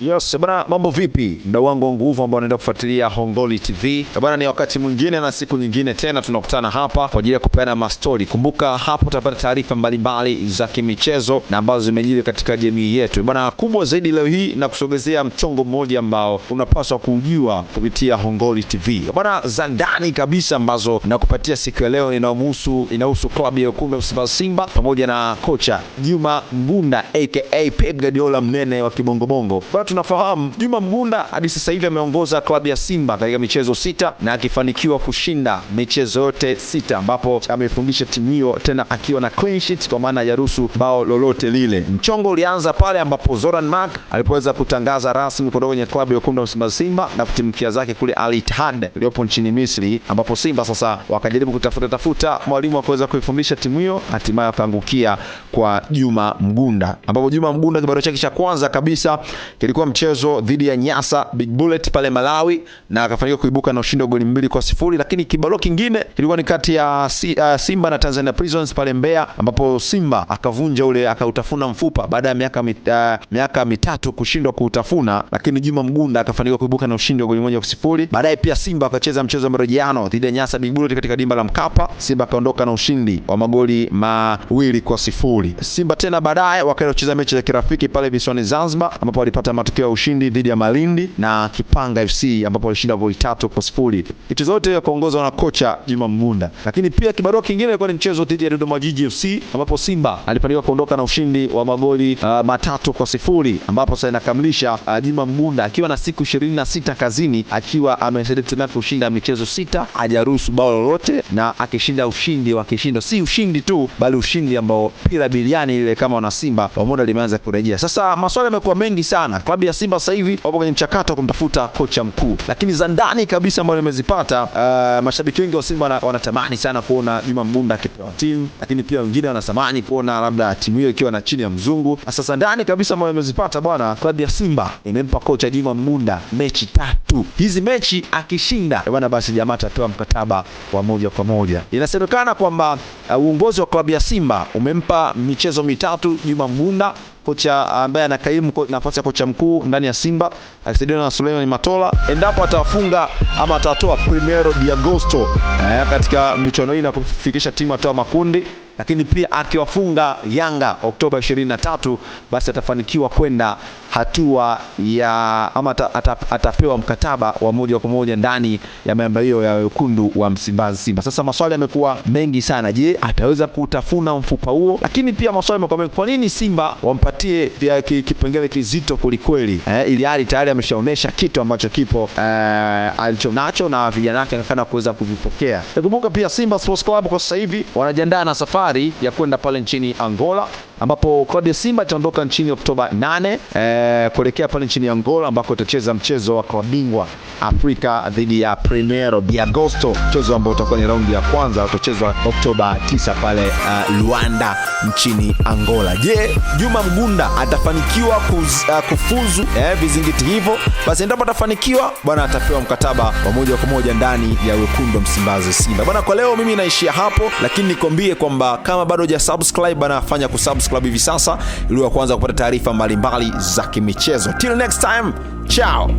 Yes, bwana mambo vipi? mda wangu wa nguvu ambao unaenda kufuatilia Hongoli TV. Bwana ni wakati mwingine na siku nyingine tena tunakutana hapa kwa ajili ya kupeana mastori. Kumbuka hapo utapata taarifa mbalimbali za kimichezo na ambazo zimejiri katika jamii yetu. Bwana kubwa zaidi leo hii na kusogezea mchongo mmoja ambao unapaswa kujua kupitia Hongoli TV. Bwana za ndani kabisa ambazo nakupatia siku ya leo inahusu inahusu klabu ya Wekundu wa Simba pamoja na kocha Juma Mbunda aka Pep Guardiola mnene wa kibongobongo tunafahamu Juma Mgunda hadi sasa hivi ameongoza klabu ya Simba katika michezo sita na akifanikiwa kushinda michezo yote sita, ambapo amefundisha timu hiyo tena akiwa na clean sheet, kwa maana ya ruhusu bao lolote lile. Mchongo ulianza pale ambapo Zoran Mark alipoweza kutangaza rasmi kutoka kwenye klabu ya wekundu wa Msimbazi Simba na kutimkia zake kule Al Ittihad iliyopo nchini Misri, ambapo Simba sasa wakajaribu kutafuta tafuta mwalimu akaweza kuifundisha timu hiyo, hatimaye akaangukia kwa Juma Mgunda, ambapo Juma Mgunda kibarua chake cha kwanza kabisa Ilikuwa mchezo dhidi ya Nyasa Big Bullet pale Malawi na akafanikiwa kuibuka na ushindi wa goli mbili kwa sifuri, lakini kibalo kingine kilikuwa ni kati ya si, uh, Simba na Tanzania Prisons pale Mbeya ambapo Simba akavunja ule akautafuna mfupa baada ya miaka mit, uh, miaka mitatu kushindwa kuutafuna, lakini Juma Mgunda akafanikiwa kuibuka na ushindi wa goli moja kwa sifuri. Baadaye pia Simba akacheza mchezo wa marejano dhidi ya Nyasa Big Bullet katika dimba la Mkapa. Simba akaondoka na ushindi wa magoli mawili kwa sifuri. Simba tena baadaye wakaenda kucheza mechi za kirafiki pale visiwani Zanzibar ambapo walipata matokeo ya ushindi dhidi ya Malindi na Kipanga FC ambapo walishinda goli tatu kwa sifuri. Hizo zote kuongozwa na kocha Juma Mvunda. Lakini pia kibarua kingine ilikuwa ni mchezo dhidi ya Dodoma Jiji FC ambapo Simba alifanikiwa kuondoka na ushindi wa magoli uh, matatu kwa sifuri ambapo sasa inakamilisha uh, Juma Mvunda akiwa na siku 26 kazini akiwa amesaidia timu kushinda michezo sita, hajaruhusu bao lolote na akishinda ushindi wa kishindo, si ushindi tu bali ushindi ambao pira biliani ile kama wana Simba pamoja limeanza kurejea. Sasa maswali yamekuwa mengi sana klabu ya Simba sasa hivi wapo kwenye mchakato wa kumtafuta kocha mkuu, lakini za ndani kabisa ambayo nimezipata, uh, mashabiki wengi wa Simba wanatamani sana kuona Juma Mbunda akipewa timu, lakini pia wengine wanatamani kuona labda timu hiyo ikiwa na chini ya mzungu. Sasa za ndani kabisa ambayo nimezipata bwana, klabu ya Simba imempa kocha Juma Mbunda mechi tatu, hizi mechi akishinda eh, bwana, basi jamaa atapewa mkataba wa moja kwa moja. Inasemekana kwamba uh, uongozi uh, wa klabu ya Simba umempa michezo mitatu Juma Mbunda kocha ambaye anakaimu nafasi ya kocha mkuu ndani ya Simba akisaidiwa na Suleiman Matola, endapo atafunga ama atatoa Primero de Agosto eh, katika michuano hii na kufikisha timu atoa makundi lakini pia akiwafunga Yanga Oktoba 23 basi atafanikiwa kwenda hatua ya ama atapewa mkataba wa moja kwa moja ndani ya miamba hiyo ya wekundu wa Msimbazi Simba. Sasa maswali yamekuwa mengi sana. Je, ataweza kutafuna mfupa huo? Lakini pia maswali yamekuwa mengi, kwa nini Simba wampatie kipengele kizito kwelikweli eh, ili hali tayari ameshaonesha kitu ambacho kipo eh, alichonacho na vijana wake kuweza kuvipokea. kumbuka pia Simba Sports Club kwa sasa hivi wanajiandaa na safari safari ya kwenda pale nchini Angola ambapo Kodhi Simba itaondoka nchini Oktoba 8 e, eh, kuelekea pale nchini Angola ambako itacheza mchezo wa kabingwa Afrika dhidi ya Primero de Agosto, mchezo ambao utakuwa ni raundi ya kwanza, utachezwa Oktoba 9 pale uh, Luanda nchini Angola. Je, Juma Mgunda atafanikiwa kuz, uh, kufuzu eh, vizingiti hivyo? Basi endapo atafanikiwa bwana, atapewa mkataba wa moja kwa moja ndani ya wekundu Msimbazi Simba bwana. Kwa leo mimi naishia hapo, lakini nikwambie kwamba kama bado hujasubscribe bwana, afanya kusubscribe Club hivi sasa ili wa kwanza kupata taarifa mbalimbali za kimichezo. Till next time, ciao.